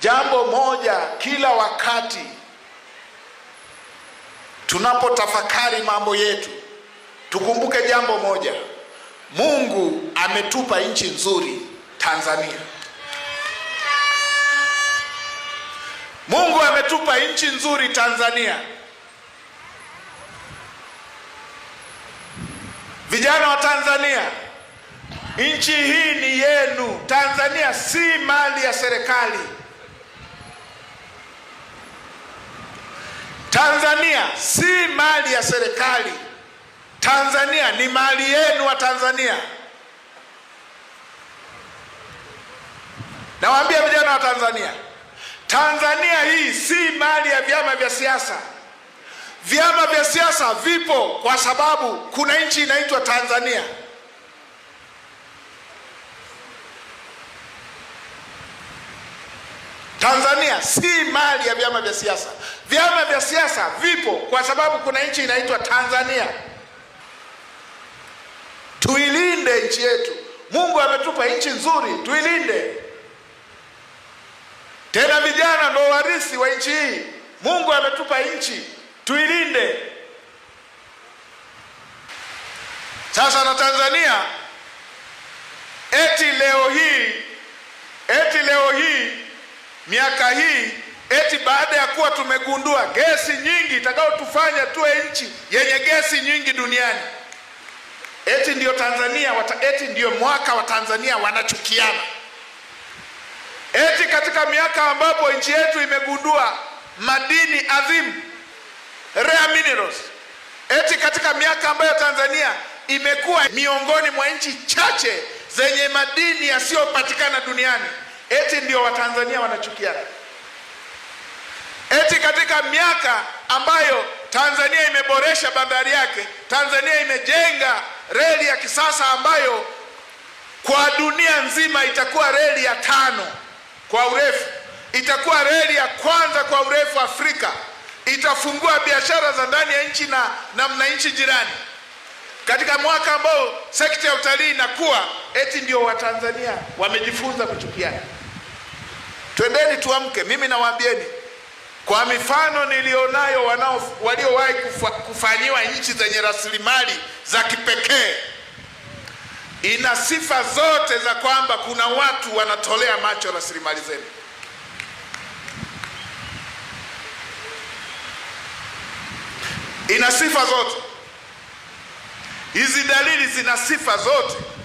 Jambo moja, kila wakati tunapotafakari mambo yetu tukumbuke jambo moja, Mungu ametupa nchi nzuri Tanzania. Mungu ametupa nchi nzuri Tanzania. Vijana wa Tanzania, nchi hii ni yenu. Tanzania si mali ya serikali. si mali ya serikali. Tanzania ni mali yenu wa Tanzania. Nawaambia vijana wa Tanzania, Tanzania hii si mali ya vyama vya siasa. Vyama vya siasa vipo kwa sababu kuna nchi inaitwa Tanzania. Tanzania si mali ya vyama vya siasa. Vyama vya siasa vipo kwa sababu kuna nchi inaitwa Tanzania. Tuilinde nchi yetu. Mungu ametupa nchi nzuri, tuilinde. Tena vijana ndio warisi wa nchi hii. Mungu ametupa nchi, tuilinde. Sasa na Tanzania eti leo hii eti leo hii miaka hii eti baada ya kuwa tumegundua gesi nyingi itakayotufanya tuwe nchi yenye gesi nyingi duniani, eti ndio Tanzania wata, eti ndiyo mwaka wa Tanzania wanachukiana, eti katika miaka ambapo nchi yetu imegundua madini adhimu rare minerals, eti katika miaka ambayo Tanzania imekuwa miongoni mwa nchi chache zenye madini yasiyopatikana duniani eti ndio Watanzania wanachukiana, eti katika miaka ambayo Tanzania imeboresha bandari yake, Tanzania imejenga reli ya kisasa ambayo kwa dunia nzima itakuwa reli ya tano kwa urefu, itakuwa reli ya kwanza kwa urefu Afrika, itafungua biashara za ndani ya nchi na, na mna nchi jirani katika mwaka ambao sekta ya utalii inakuwa eti ndio Watanzania wamejifunza kuchukiana. Twendeni tuamke. Mimi nawaambieni kwa mifano nilionayo wanao waliowahi kufa, kufanyiwa nchi zenye rasilimali za kipekee, ina sifa zote za kwamba kuna watu wanatolea macho rasilimali zenu. Ina sifa zote Hizi dalili zina sifa zote.